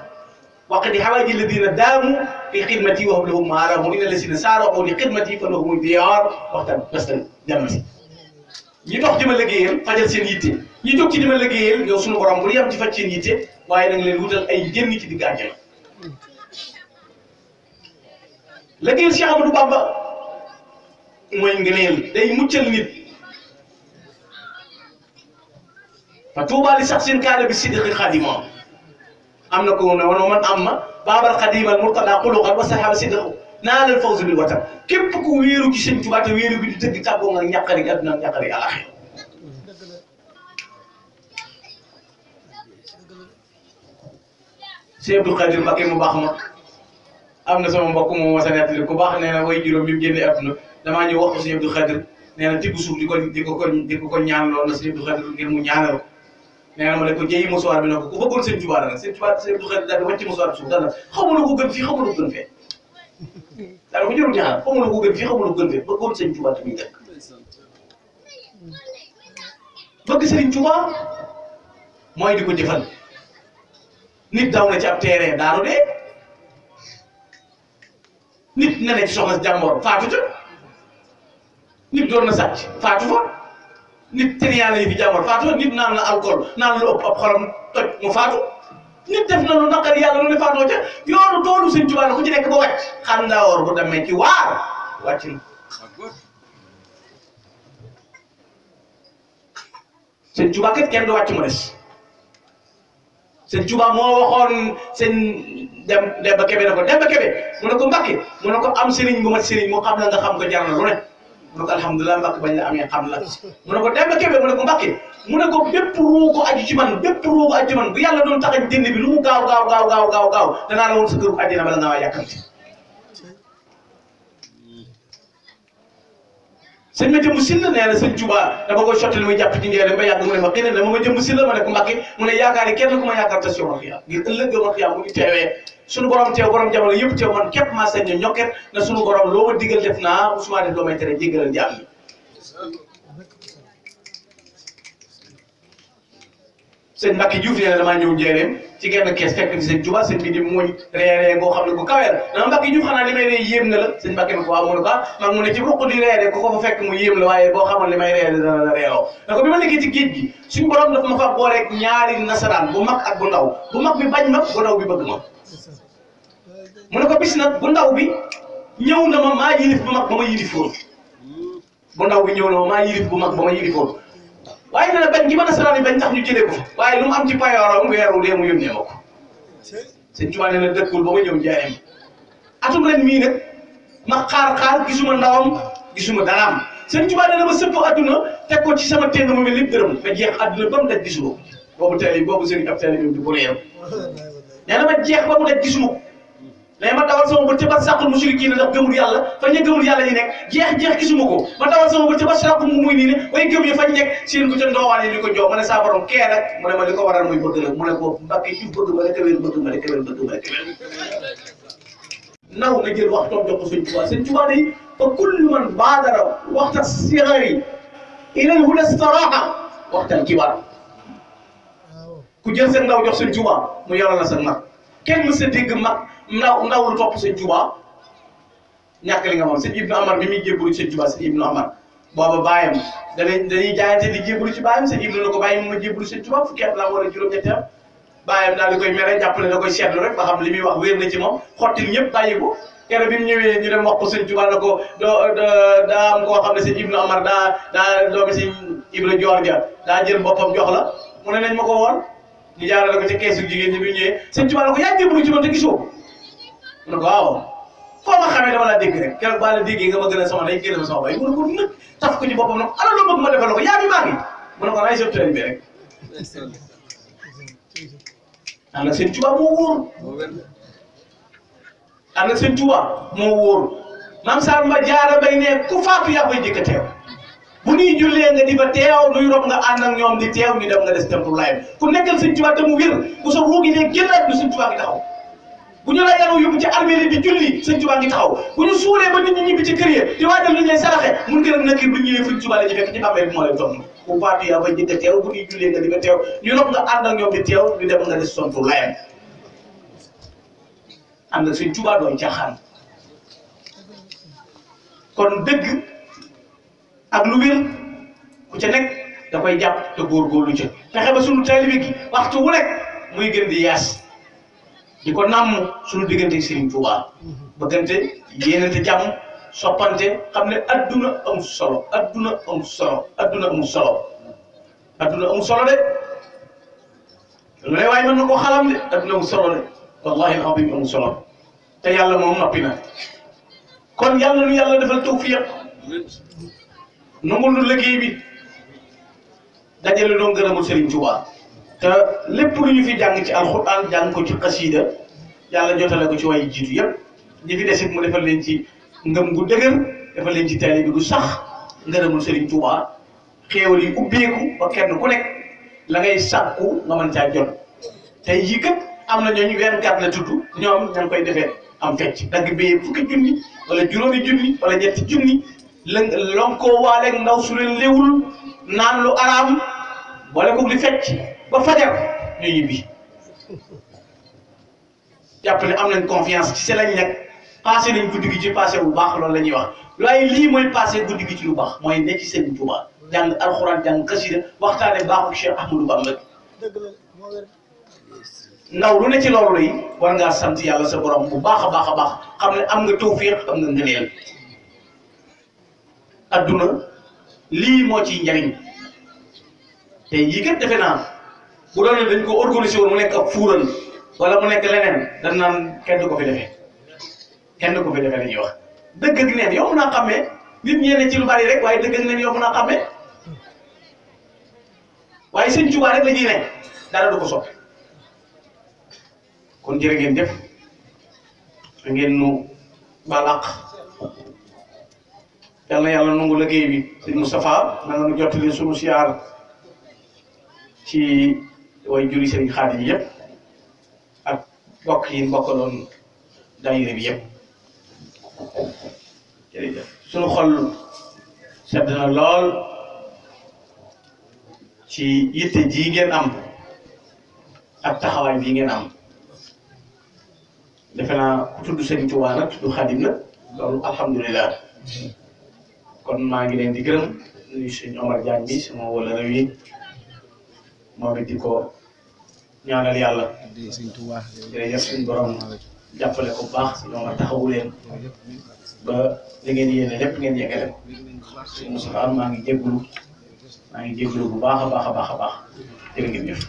waqdi hawaaji ladina daamu fi xidmati wa hum lahum maaraamu inna lasina saaroo li xidmati fa lahum diyaar waxtaan bastan jàmm si ñi dox ñi jóg ci dima liggéeyal yow suñu borom bu yam ci faj seen yitte waaye da leen wutal ay njëriñ ci digg àjjana liggéeyal Cheikh Amadou Bamba mooy ngëneel day muccal nit fa Tuubaa li sax seen kaada bi siddiqi xadima am na ko ne woon man am ma a xadimal murtada xuluqan wa saxaaba siddiqu naa leen fawzu bil watan képp ku wéeru ci seen Tuubaa te wéeru bi di tëgg tàggoo nga ñàqari àdduna ñàqari àlaxira Cheikh Abdou Khadir Mbacké mu baax ma am na sama mbokk moom wasa nettali ku baax nee na way juróom bi mu génne àdduna damaa ñëw wax ko Cheikh Abdou Khadir nee na tibb suuf di ko di ko di ko ko ñaanaloon na Cheikh Abdou ngir mu ñaanal ko nee na ma ne ko jëyi mosuwaar bi na ko ku bëggoon seen jubaar nag seen jubaar Cheikh Abdou daal di wàcc mosuwaar bi suuf daal nag xamul ko gën fii xamul ko gën fee daal ko jëru fii xamul ko gën fee bëggoon seen jubaar bi dëkk mooy di ko jëfal nit daw na ci ab terrain daanu dee nit na ne ci soxna jàmboor faatu ca nit doon na sàcc faatu fa nit tëriyaale yi fi jàmboor faatu fa nit naan la alcool naan la ëpp ab xolam mu faatu nit def na lu naqari yàlla lu ne faatoo ca yoonu toolu sëñ Tuubaa la ku ci nekk ba wàcc xam ndaa woor bu demee ci waar wàcc na sëñ des sëñ Tuubaa moo xool seen dem Demba Kebe ne ko Demba Kebe mu ne ko Mbàkke mu ne ko am sëriñ bu mat sëriñ mu xam la nga xam ko jar na lu ne mu ne ko alhamdulilah Mbàkke bañ la amee xam la mu ne ko Demba Kebe mu ne ko mu ne ko bépp ruu ko aju ci bépp ruu ko aju ci bu yàlla doon tax a jënd bi lu mu gaaw gaaw gaaw gaaw gaaw gaaw danaa la woon sa këru àddina bala ngaa waa yàkkamti sëñ ma jëmm si la nee na sëñ Tuubaa dama koy sotti li muy jàpp ci njëriñ ba yàgg mu ne ma xëy na ma ma jëmm ma ne ko mu ne yaakaar yi ku ma yaakaar tas yomal xiyaam ngir ëllëg yomal xiyaam bu ñu teewee suñu borom teew borom jamono yëpp teew man képp maa sañ ne ñokket loo ma digal def naa musuma def loo may tere jéggalal jaam yi sëñ Mbàkki Juuf nee na ci genn kees fekk ci seen juba seen bi di muñ reeree boo xam ne bu kawee la dama mbàkk ñu xanaa li may ree yéem na la seen mbàkk bi ko waaw mu ne ko ah, man mu ne ci ruq di reeree ko ko fa fekk mu yéem la waaye boo xamoon li may reeree dana la reeloo da ko bi ma nekkee nasaraan bu mag ak bu ndaw bu mag bi bañ ma bu ndaw bi mu ne ko bis nag bu ndaw bi ñëw na ma maa yilif bu mag ba ma yilifoon bu ndaw bi ñëw na ma maa yilif bu mag ba ma yilifoon waaye nee na bañ gi mën a saraan yi bañ tax ñu jëlee waaye lu mu am ci payooram weeru dee mu yónnee ma ko sëñ Tuubaa nee na dëkkul ba ma ñëw njaayam atum ren mii nag ma xaar-xaar gisuma ndawam gisuma daraam sëñ Tuubaa na ma sëpp adduna teg ko ci sama teen mu mel lépp dërëm ma jeex adduna ba mu daj gisuma ko boobu tey boobu sëriñ ab tey di ko <laughs> na ma ba mu daj gisuma léegi ma dawal sama bët ci ba saxul mushrikiina ndax gëmul yalla fa ñe gëmul yalla ñi nek jeex jeex gisuma ko ma dawal sama bët ci ba saxul mu muy ni ne way gëm yi ya fañ nekk seen ko ci ndowale liko jox mané sa borom ké nak mu ne ma liko waral muy bëgg nak mu ne ko mbacké ci bëgg ba rek wër bëgg ma rek wër bëgg ma rek keween naw na jël wax tok jox ko sëñ tuba seen tuba day fa kullu man baadara waqta sigari ila huda staraha waxtal kibar ku jël seen ndaw jox sëñ tuba mu yalla la sa mag kenn mu se dégg mak ndaw naw lu topp sëñ Tuuba ñàkk li nga moom sëñ Ibnu Amar bi muy jébbalu sëñ Tuuba sëñ Ibnu Amar booba bàyyam danañ dañuy jaayante di jébbalu ci bàyyam sëñ na ko bàyyi mu la wala juróom-ñetti at bàyyam daal xam li muy wax wér na ñëpp bàyyi ko keroog bi mu ñëwee ñu dem wax ko sëñ Tuuba na ko doo am koo xam ne daa daa doomi sëñ Ibra Joor ja daa jël boppam jox la mu ne nañ ma ko woon ñu jaarale ko ci keesu jigéen ñi bi ñëwee sëñ Tuuba na ko yaa jébbalu ci man te gisoo mu ne ko waaw foo ma xamee dama laa dégg rek keroog baa la déggee nga ma gën a sama day gën a sama bay mu ne ko nag taf ko ci boppam nag ala loo bëgg ma defal la ko yaa bi maa ngi mu ne ko naay sëb teel bi rek. am na seen tubaab moo wóor am na seen tubaab moo wóor maam Samba ne ku faatu yaa koy jëkk a teew bu ñuy jullee nga di fa teew nuy rob nga ànd ak ñoom di teew ñu dem nga des tempulaayam ku nekkal seen tubaab te mu wér bu sa ruugi ne génnaat lu seen tubaab gi taxaw. bu ñu laajaloo yóbbu ci armée di julli sëñ Tuubaa ngi taxaw bu ñu suuree ba nit ñi ñibbi ci kër yi di waajal li ñuy saraxe mun gën a nakir bu ñu fekk ci bàmmeel bi moo lay toog bu faatu yaa bay njëkk a teew bu ñuy jullee nga di ko teew ñu nopp nga ànd doon caaxaan kon dëgg ak lu wér ku ca nekk da koy jàpp te góorgóorlu ca fexe ba sunu taalibe gi waxtu wu nekk muy gën di yaas di ko nàmm suñu diggante Serigne Touba bëggante yéenante jàmm soppante xam ne adduna am solo adduna am solo adduna am solo de lu ne waaye mën na ko xalam de adduna am solo de wallahi alazim am solo te yàlla moom noppi na kon yàlla nu yàlla defal tawfiq nangul nu liggéey bi dajale doon gërëmul Serigne Touba te lépp lu ñu fi jàng ci alxuraan jàng ko ci xasiida yàlla jotale ko ci way jiitu yëpp ñi fi si mu defal leen ci ngëm gu dëgër defal leen ci taalibe gu sax ngërëmul Serigne Touba xéewal yi ubbeeku ba kenn ku nekk la ngay sàkku nga mën caa jot tey jii kat am na ñooñu vingt-quatre la tudd ñoom ña koy defee am fecc dagg béyee fukki junni wala juróomi junni wala ñetti junni lën lonkoo waaleeg ndaw su leen naan lu araam boole ko li fecc ba fajar ñu yibbi jàpp ne am na confiance ci si nekk passé nañ guddi gi ci passé wu baax loolu la ñuy wax waaye lii mooy passé guddi gi ci lu baax mooy ne ci Sëriñ Tuubaa jàng alxuraan jàng xasida waxtaane baaxu Cheikh Ahmadou Bamba ndaw lu ne ci loolu yi war ngaa sant yàlla sa borom bu baax a baax a baax xam ne am nga tawfiq am nga ngëneel adduna lii moo ci njariñ te yii kat defe naa bu doon dañ ko mu nekk ab fuuran wala mu nekk leneen dañ naan kenn du ko fi defee kenn du ko fi defee dëgg ak neen yow nit ñeneen ci lu bari rek waaye dëgg ak neen yow mën naa xàmmee waaye seen cubaa rek la ñuy ne dara du ko soppi kon jërë ngeen nu baal àq yal na yàlla nangu liggéey bi sëñ Moustapha na nga nu jottali sunu siyaar ci way juri sëriñ Xaadim yi yëpp ak bokk yi bokkaloon daayira bi yëpp jërëjëf suñu xol sedd na lool ci yitte ji ngeen am ak taxawaay bi ngeen am defe naa ku tudd sëriñ Tuubaa nag tudd Xaadim na kon maa ngi leen di gërëm nuyu sëriñ Omar Diagne bi sama wala rew moom it di ko ñaanal yàlla. jërëjëf suñu borom jàppale ko bu baax si taxawu leen ba li ngeen yéene lépp ngeen yeggale ko suñu musulmaan maa ngi jégalu maa ngi jégalu bu baax a baax a baax a baax jërë ngeen jëf.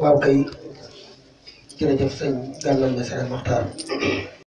waaw kay jërëjëf